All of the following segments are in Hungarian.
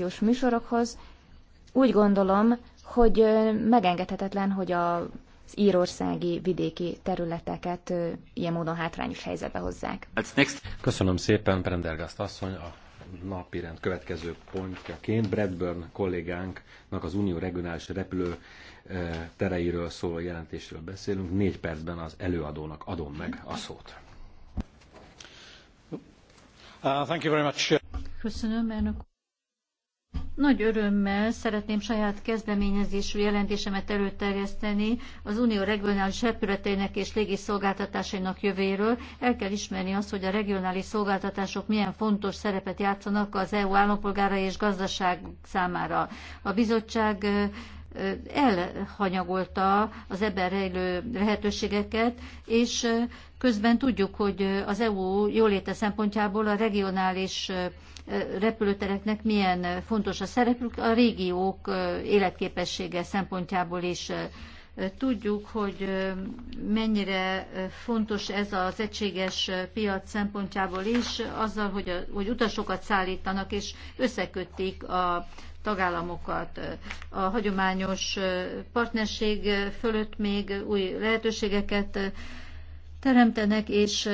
televíziós műsorokhoz. Úgy gondolom, hogy megengedhetetlen, hogy az írországi vidéki területeket ilyen módon hátrányos helyzetbe hozzák. Köszönöm szépen, Prendergast asszony, a napi rend következő pontjaként Bradburn kollégánknak az Unió regionális repülő tereiről szóló jelentésről beszélünk. Négy percben az előadónak adom meg a szót. Uh, Köszönöm, elnök nagy örömmel szeretném saját kezdeményezésű jelentésemet előterjeszteni az Unió regionális repületeinek és légiszolgáltatásainak jövőjéről. El kell ismerni azt, hogy a regionális szolgáltatások milyen fontos szerepet játszanak az EU állampolgára és gazdaság számára. A bizottság elhanyagolta az ebben rejlő lehetőségeket, és közben tudjuk, hogy az EU jóléte szempontjából a regionális repülőtereknek milyen fontos a szerepük a régiók életképessége szempontjából is. Tudjuk, hogy mennyire fontos ez az egységes piac szempontjából is, azzal, hogy, a, hogy utasokat szállítanak és összekötik a tagállamokat. A hagyományos partnerség fölött még új lehetőségeket teremtenek, és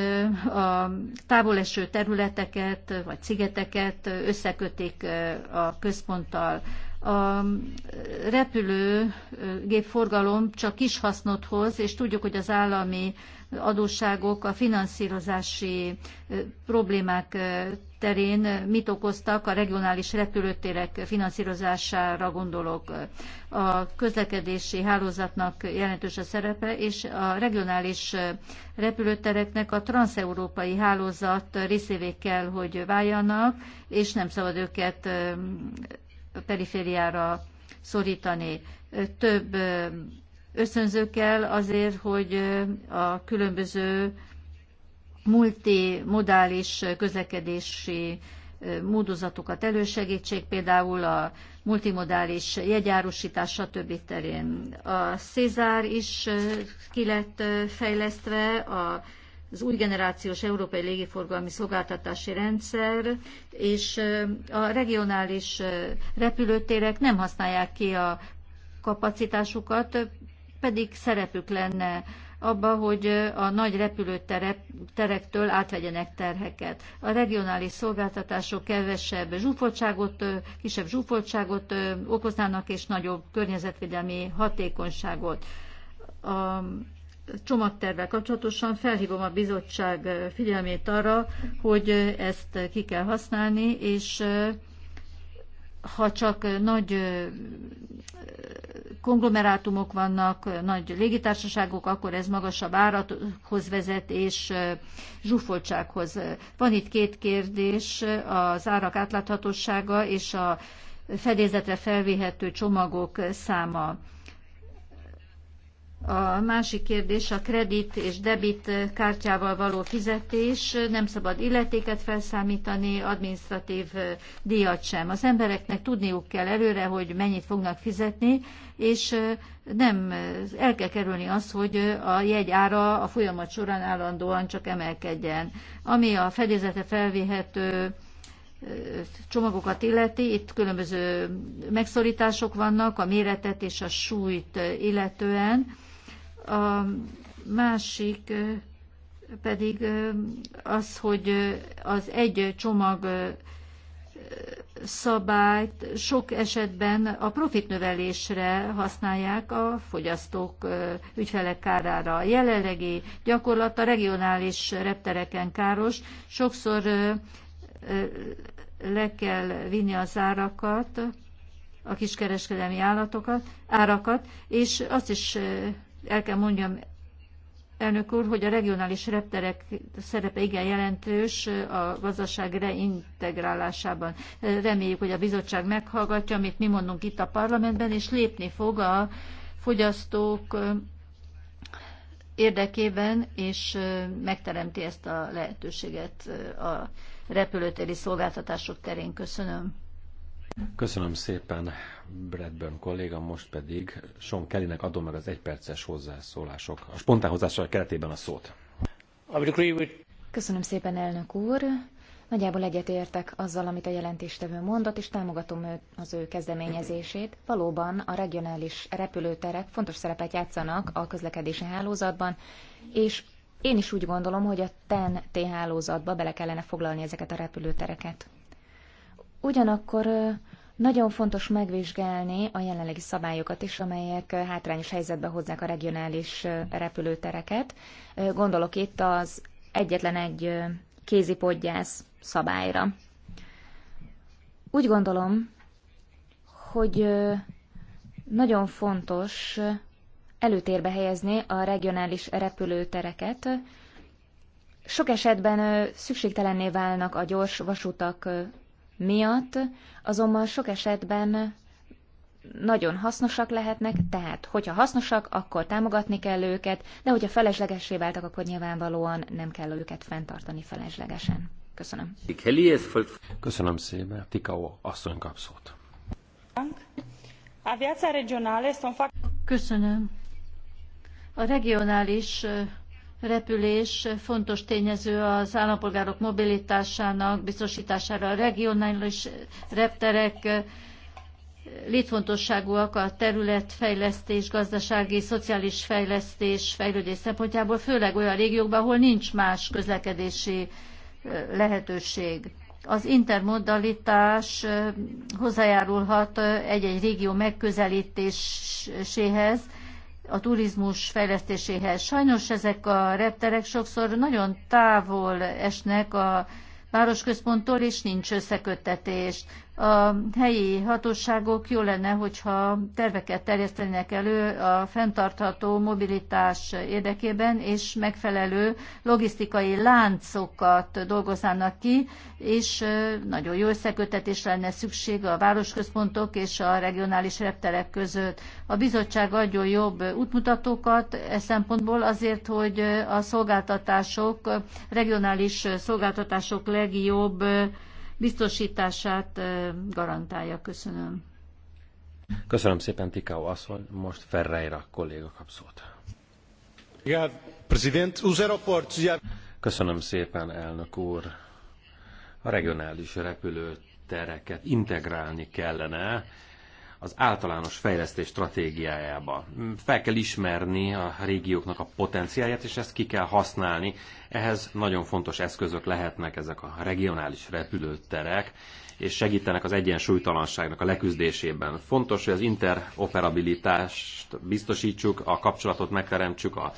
a távoleső területeket vagy szigeteket összekötik a központtal a repülőgépforgalom csak kis hasznot hoz, és tudjuk, hogy az állami adósságok a finanszírozási problémák terén mit okoztak, a regionális repülőtérek finanszírozására gondolok. A közlekedési hálózatnak jelentős a szerepe, és a regionális repülőtereknek a transeurópai hálózat részévé kell, hogy váljanak, és nem szabad őket perifériára szorítani. Több összönző kell azért, hogy a különböző multimodális közlekedési módozatokat elősegítsék, például a multimodális jegyárusítás, stb. terén. A Cézár is ki lett fejlesztve, a az új generációs európai légiforgalmi szolgáltatási rendszer, és a regionális repülőtérek nem használják ki a kapacitásukat, pedig szerepük lenne abba, hogy a nagy repülőterektől átvegyenek terheket. A regionális szolgáltatások kevesebb zsúfoltságot, kisebb zsúfoltságot okoznának, és nagyobb környezetvédelmi hatékonyságot. A csomagtervvel kapcsolatosan felhívom a bizottság figyelmét arra, hogy ezt ki kell használni, és ha csak nagy konglomerátumok vannak, nagy légitársaságok, akkor ez magasabb árathoz vezet és zsúfoltsághoz. Van itt két kérdés, az árak átláthatósága és a fedélzetre felvéhető csomagok száma. A másik kérdés a kredit és debit kártyával való fizetés. Nem szabad illetéket felszámítani, administratív díjat sem. Az embereknek tudniuk kell előre, hogy mennyit fognak fizetni, és nem el kell kerülni az, hogy a jegy ára a folyamat során állandóan csak emelkedjen. Ami a fedézete felvihető csomagokat illeti, itt különböző megszorítások vannak a méretet és a súlyt illetően a másik pedig az, hogy az egy csomag szabályt sok esetben a profitnövelésre használják a fogyasztók ügyfelek kárára. A jelenlegi gyakorlat a regionális reptereken káros. Sokszor le kell vinni az árakat, a kiskereskedelmi állatokat, árakat, és azt is el kell mondjam, elnök úr, hogy a regionális repterek szerepe igen jelentős a gazdaság reintegrálásában. Reméljük, hogy a bizottság meghallgatja, amit mi mondunk itt a parlamentben, és lépni fog a fogyasztók érdekében, és megteremti ezt a lehetőséget a repülőtéri szolgáltatások terén. Köszönöm. Köszönöm szépen, Bradburn kolléga, most pedig Sean Kellynek adom meg az egyperces hozzászólások, a spontán hozzászólások keretében a szót. Köszönöm szépen, elnök úr. Nagyjából egyetértek azzal, amit a jelentéstevő mondott, és támogatom ő, az ő kezdeményezését. Valóban a regionális repülőterek fontos szerepet játszanak a közlekedési hálózatban, és én is úgy gondolom, hogy a TEN-T e hálózatba bele kellene foglalni ezeket a repülőtereket. Ugyanakkor nagyon fontos megvizsgálni a jelenlegi szabályokat is, amelyek hátrányos helyzetbe hozzák a regionális repülőtereket. Gondolok itt az egyetlen egy kézipodgyász szabályra. Úgy gondolom, hogy nagyon fontos előtérbe helyezni a regionális repülőtereket. Sok esetben szükségtelenné válnak a gyors vasutak miatt, azonban sok esetben nagyon hasznosak lehetnek, tehát hogyha hasznosak, akkor támogatni kell őket, de hogyha feleslegessé váltak, akkor nyilvánvalóan nem kell őket fenntartani feleslegesen. Köszönöm. Köszönöm szépen. Tikao asszony kapszót. Köszönöm. A regionális repülés fontos tényező az állampolgárok mobilitásának biztosítására. A regionális repterek eh, létfontosságúak a területfejlesztés, gazdasági, szociális fejlesztés, fejlődés szempontjából, főleg olyan régiókban, ahol nincs más közlekedési eh, lehetőség. Az intermodalitás eh, hozzájárulhat egy-egy régió megközelítéséhez, a turizmus fejlesztéséhez. Sajnos ezek a repterek sokszor nagyon távol esnek a városközponttól, és nincs összeköttetés a helyi hatóságok jó lenne, hogyha terveket terjesztenek elő a fenntartható mobilitás érdekében, és megfelelő logisztikai láncokat dolgoznának ki, és nagyon jó összekötetés lenne szükség a városközpontok és a regionális repterek között. A bizottság adjon jobb útmutatókat e szempontból azért, hogy a szolgáltatások, regionális szolgáltatások legjobb biztosítását garantálja. Köszönöm. Köszönöm szépen, Tikau asszony. Most Ferreira kolléga kap szót. Köszönöm szépen, elnök úr. A regionális repülőtereket integrálni kellene az általános fejlesztés stratégiájába. Fel kell ismerni a régióknak a potenciáját, és ezt ki kell használni. Ehhez nagyon fontos eszközök lehetnek ezek a regionális repülőterek, és segítenek az egyensúlytalanságnak a leküzdésében. Fontos, hogy az interoperabilitást biztosítsuk, a kapcsolatot megteremtsük a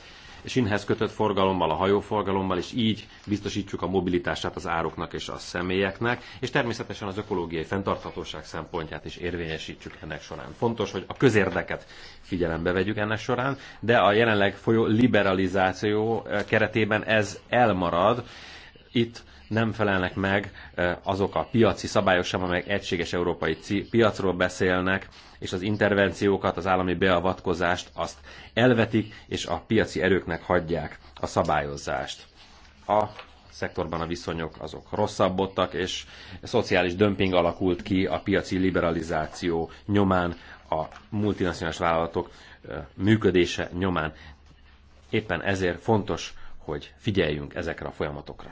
sinhez kötött forgalommal, a hajóforgalommal, és így biztosítsuk a mobilitását az ároknak és a személyeknek, és természetesen az ökológiai fenntarthatóság szempontját is érvényesítsük ennek során. Fontos, hogy a közérdeket figyelembe vegyük ennek során, de a jelenleg folyó liberalizáció eh, keretében ez elmarad. Itt nem felelnek meg azok a piaci szabályok sem, amelyek egységes európai piacról beszélnek, és az intervenciókat, az állami beavatkozást azt elvetik, és a piaci erőknek hagyják a szabályozást. A szektorban a viszonyok azok rosszabbodtak, és szociális dömping alakult ki a piaci liberalizáció nyomán, a multinacionális vállalatok működése nyomán. Éppen ezért fontos, hogy figyeljünk ezekre a folyamatokra.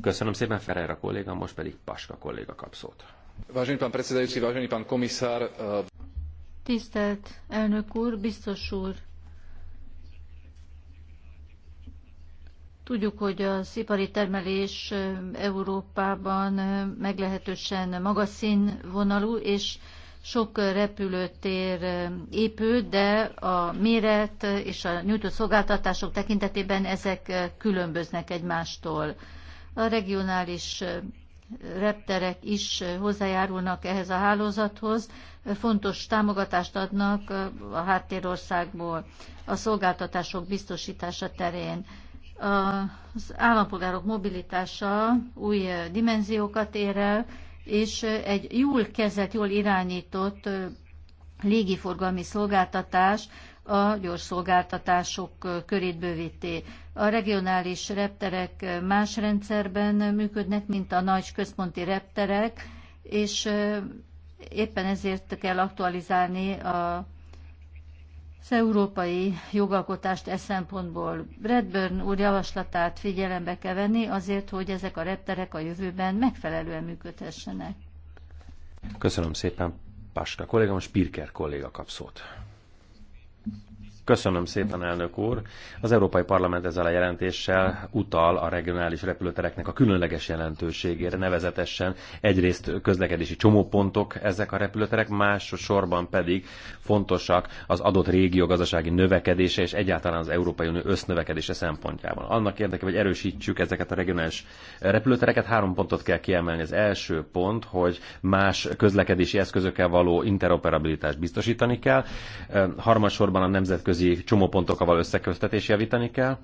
Köszönöm szépen Ferreira kolléga, most pedig Paska kolléga kap szót. Vážený pán predsedajúci, vážený pán komisár. Tisztelt elnök úr, biztos úr. Tudjuk, hogy a ipari termelés Európában meglehetősen magas színvonalú, és sok repülőtér épül, de a méret és a nyújtott szolgáltatások tekintetében ezek különböznek egymástól. A regionális repterek is hozzájárulnak ehhez a hálózathoz, fontos támogatást adnak a háttérországból a szolgáltatások biztosítása terén. Az állampolgárok mobilitása új dimenziókat ér el, és egy jól kezelt, jól irányított légiforgalmi szolgáltatás a gyors szolgáltatások körét bővíti. A regionális repterek más rendszerben működnek, mint a nagy központi repterek, és éppen ezért kell aktualizálni a az európai jogalkotást e szempontból Redburn úr javaslatát figyelembe kell venni azért, hogy ezek a repterek a jövőben megfelelően működhessenek. Köszönöm szépen, Páska kolléga, most Pirker kolléga kap szót. Köszönöm szépen, elnök úr. Az Európai Parlament ezzel a jelentéssel utal a regionális repülőtereknek a különleges jelentőségére, nevezetesen egyrészt közlekedési csomópontok ezek a repülőterek, másosorban pedig fontosak az adott régió gazdasági növekedése és egyáltalán az Európai Unió össznövekedése szempontjában. Annak érdekében, hogy erősítsük ezeket a regionális repülőtereket, három pontot kell kiemelni. Az első pont, hogy más közlekedési eszközökkel való interoperabilitást biztosítani kell. Harmadsorban a nemzetközi nemzetközi csomópontokkal összeköztetés javítani kell,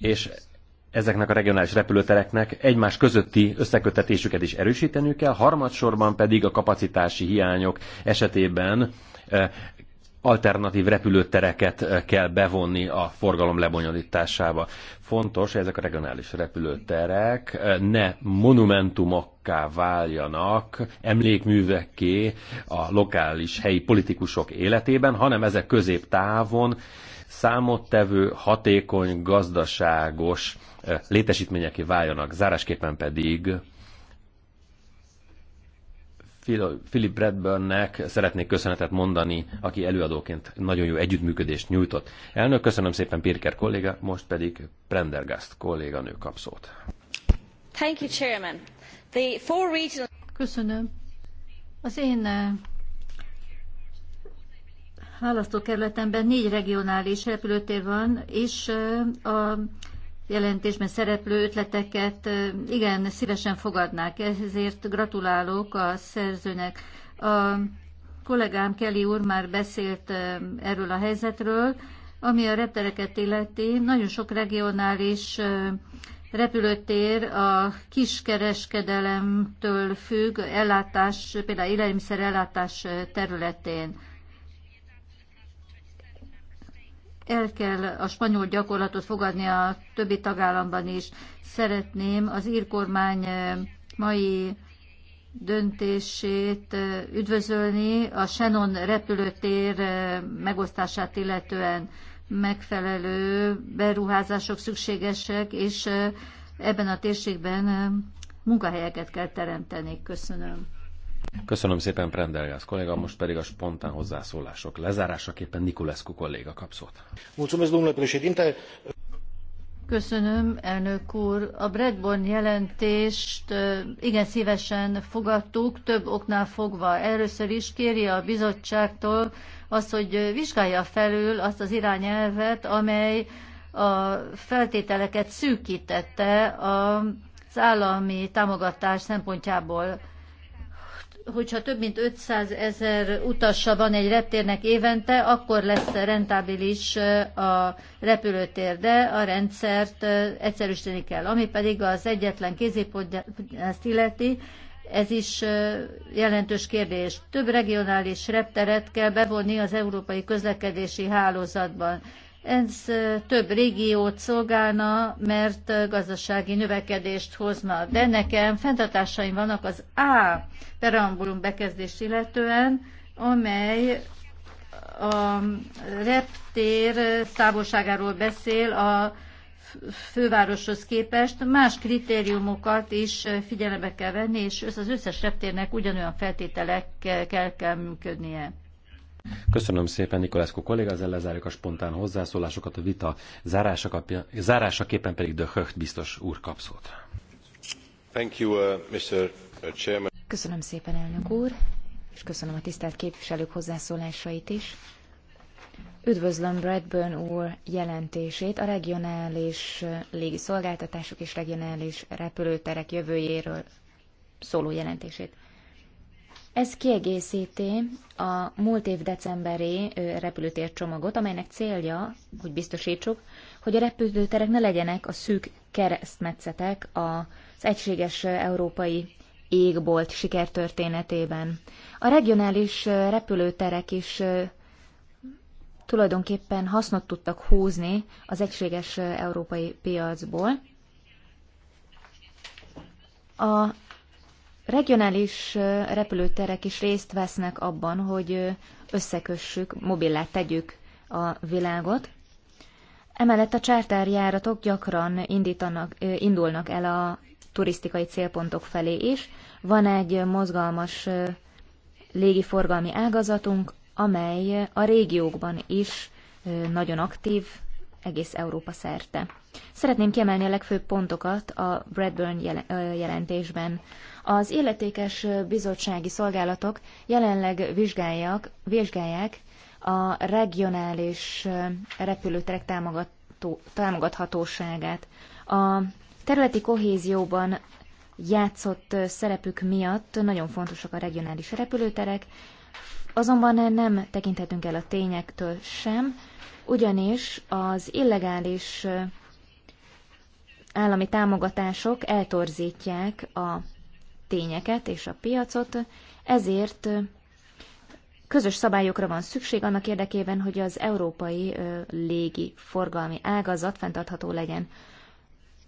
és ezeknek a regionális repülőtereknek egymás közötti összekötetésüket is erősíteni kell, harmadsorban pedig a kapacitási hiányok esetében eh, alternatív repülőtereket eh, kell bevonni a forgalom lebonyolításába. Fontos, hogy ezek a regionális repülőterek eh, ne monumentumok tárgyakká váljanak, emlékművekké a lokális helyi politikusok életében, hanem ezek középtávon számottevő, hatékony, gazdaságos eh, létesítményeké váljanak. Zárásképpen pedig Philip Bradburnnek szeretnék köszönetet mondani, aki előadóként nagyon jó együttműködést nyújtott. Elnök, köszönöm szépen Pirker kolléga, most pedig Prendergast kolléganő kap szót. Köszönöm. Az én eh, választókerületemben négy regionális repülőtér van, és eh, a jelentésben szereplő ötleteket eh, igen szívesen fogadnák, ezért gratulálok a szerzőnek. A kollégám Kelly úr már beszélt erről a helyzetről, ami a reptereket illeti. Nagyon sok regionális repülőtér a kiskereskedelemtől függ, ellátás, például élelmiszer ellátás területén. El kell a spanyol gyakorlatot fogadni a többi tagállamban is. Szeretném az ír kormány eh, mai döntését eh, üdvözölni a Shannon repülőtér eh, megosztását illetően megfelelő beruházások szükségesek, és ebben a térségben munkahelyeket kell teremteni. Köszönöm. Köszönöm szépen, Prendergász kolléga, most pedig a spontán hozzászólások lezárásaképpen Nikulescu kolléga kap szót. Köszönöm, elnök úr. A Bradborn jelentést igen szívesen fogadtuk, több oknál fogva. Először is kéri a bizottságtól, az, hogy vizsgálja felül azt az irányelvet, amely a feltételeket szűkítette az állami támogatás szempontjából hogyha több mint 500 ezer utassa van egy reptérnek évente, akkor lesz rentábilis a repülőtér, de a rendszert egyszerűsíteni kell. Ami pedig az egyetlen kézipontját illeti, ez is jelentős kérdés. Több regionális repteret kell bevonni az európai közlekedési hálózatban. Ez több régiót szolgálna, mert gazdasági növekedést hozna. De nekem fenntartásaim vannak az A perambulum bekezdést illetően, amely a reptér távolságáról beszél a fővároshoz képest más kritériumokat is figyelembe kell venni, és az összes reptérnek ugyanolyan feltételekkel kell, kell működnie. Köszönöm szépen Nikolászko kolléga, ezzel lezárjuk a spontán hozzászólásokat, a vita zárásaképpen pedig de Höcht biztos úr kap szót. Thank you, uh, Mr. Uh, Chairman. Köszönöm szépen, elnök úr, és köszönöm a tisztelt képviselők hozzászólásait is. Üdvözlöm Bradburn úr jelentését a regionális légiszolgáltatások és regionális repülőterek jövőjéről szóló jelentését. Ez kiegészíti a múlt év decemberi repülőtér csomagot, amelynek célja, hogy biztosítsuk, hogy a repülőterek ne legyenek a szűk keresztmetszetek az egységes európai égbolt sikertörténetében. A regionális repülőterek is tulajdonképpen hasznot tudtak húzni az egységes európai piacból. A regionális repülőterek is részt vesznek abban, hogy összekössük, mobillá tegyük a világot. Emellett a csártárjáratok gyakran indítanak, indulnak el a turisztikai célpontok felé is. Van egy mozgalmas légiforgalmi ágazatunk, amely a régiókban is nagyon aktív, egész Európa szerte. Szeretném kiemelni a legfőbb pontokat a Bradburn jelentésben. Az illetékes bizottsági szolgálatok jelenleg vizsgálják, vizsgálják a regionális repülőterek támogató, támogathatóságát. A területi kohézióban játszott szerepük miatt nagyon fontosak a regionális repülőterek, Azonban nem tekinthetünk el a tényektől sem, ugyanis az illegális állami támogatások eltorzítják a tényeket és a piacot, ezért közös szabályokra van szükség annak érdekében, hogy az európai légi forgalmi ágazat fenntartható legyen.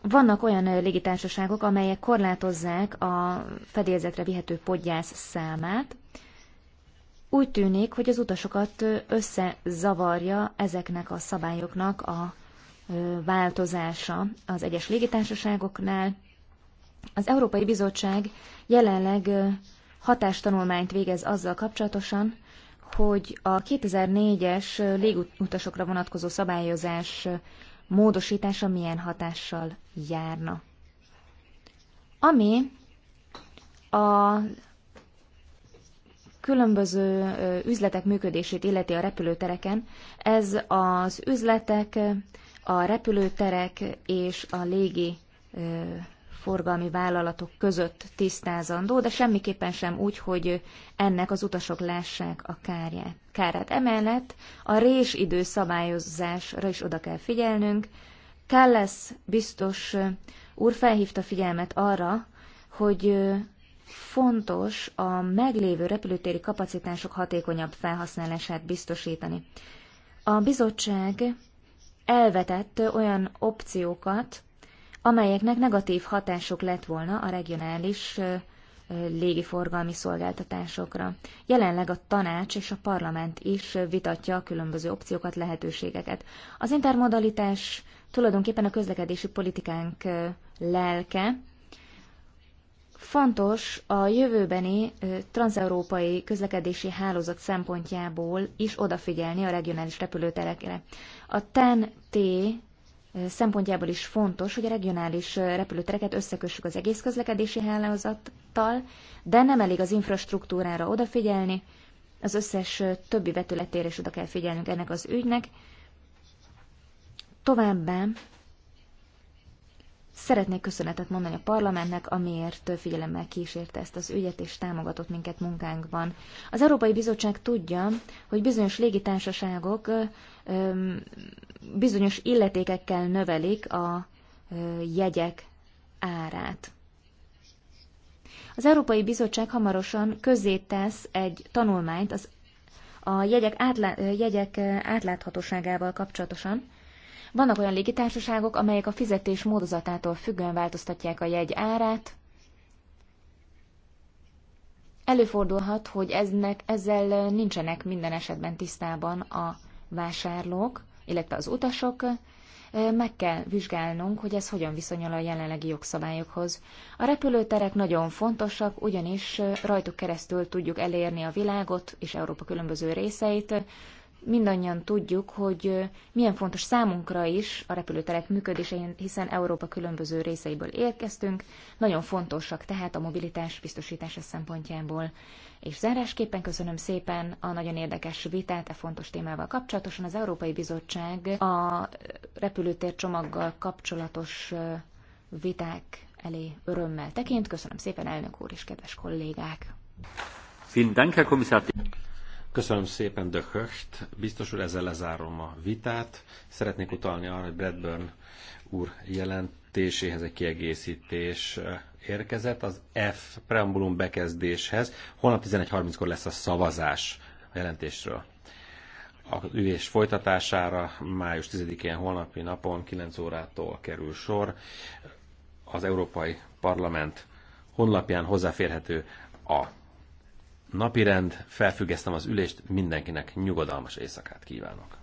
Vannak olyan légitársaságok, amelyek korlátozzák a fedélzetre vihető podgyász számát, úgy tűnik, hogy az utasokat összezavarja ezeknek a szabályoknak a változása az egyes légitársaságoknál. Az Európai Bizottság jelenleg hatástanulmányt végez azzal kapcsolatosan, hogy a 2004-es légutasokra vonatkozó szabályozás módosítása milyen hatással járna. Ami a különböző üzletek működését illeti a repülőtereken, ez az üzletek, a repülőterek és a légi forgalmi vállalatok között tisztázandó, de semmiképpen sem úgy, hogy ennek az utasok lássák a kárját. kárát. Emellett a résidő szabályozásra is oda kell figyelnünk. Kallesz biztos úr felhívta figyelmet arra, hogy fontos a meglévő repülőtéri kapacitások hatékonyabb felhasználását biztosítani. A bizottság elvetett olyan opciókat, amelyeknek negatív hatások lett volna a regionális légiforgalmi szolgáltatásokra. Jelenleg a tanács és a parlament is vitatja a különböző opciókat, lehetőségeket. Az intermodalitás tulajdonképpen a közlekedési politikánk lelke, Fontos a jövőbeni transeurópai közlekedési hálózat szempontjából is odafigyelni a regionális repülőterekre. A TEN-T szempontjából is fontos, hogy a regionális repülőtereket összekössük az egész közlekedési hálózattal, de nem elég az infrastruktúrára odafigyelni, az összes többi vetületére is oda kell figyelnünk ennek az ügynek. Továbbá Szeretnék köszönetet mondani a parlamentnek, amiért figyelemmel kísérte ezt az ügyet és támogatott minket munkánkban. Az Európai Bizottság tudja, hogy bizonyos légitársaságok bizonyos illetékekkel növelik a jegyek árát. Az Európai Bizottság hamarosan tesz egy tanulmányt az a jegyek, átlá, jegyek átláthatóságával kapcsolatosan, vannak olyan légitársaságok, amelyek a fizetés módozatától függően változtatják a jegy árát. Előfordulhat, hogy eznek, ezzel nincsenek minden esetben tisztában a vásárlók, illetve az utasok, meg kell vizsgálnunk, hogy ez hogyan viszonyul a jelenlegi jogszabályokhoz. A repülőterek nagyon fontosak, ugyanis rajtuk keresztül tudjuk elérni a világot és Európa különböző részeit, mindannyian tudjuk, hogy milyen fontos számunkra is a repülőterek működése, hiszen Európa különböző részeiből érkeztünk, nagyon fontosak tehát a mobilitás biztosítása szempontjából. És zárásképpen köszönöm szépen a nagyon érdekes vitát e fontos témával kapcsolatosan. Az Európai Bizottság a repülőtér csomaggal kapcsolatos viták elé örömmel tekint. Köszönöm szépen, elnök úr és kedves kollégák! Vielen Dank, Herr Kommissar. Köszönöm szépen De Höcht. Biztos úr, ezzel lezárom a vitát. Szeretnék utalni arra, hogy Bradburn úr jelentéséhez egy kiegészítés érkezett az F preambulum bekezdéshez. Holnap 11.30-kor lesz a szavazás a jelentésről. A ülés folytatására május 10-én holnapi napon 9 órától kerül sor. Az Európai Parlament honlapján hozzáférhető a napirend, felfüggesztem az ülést, mindenkinek nyugodalmas éjszakát kívánok.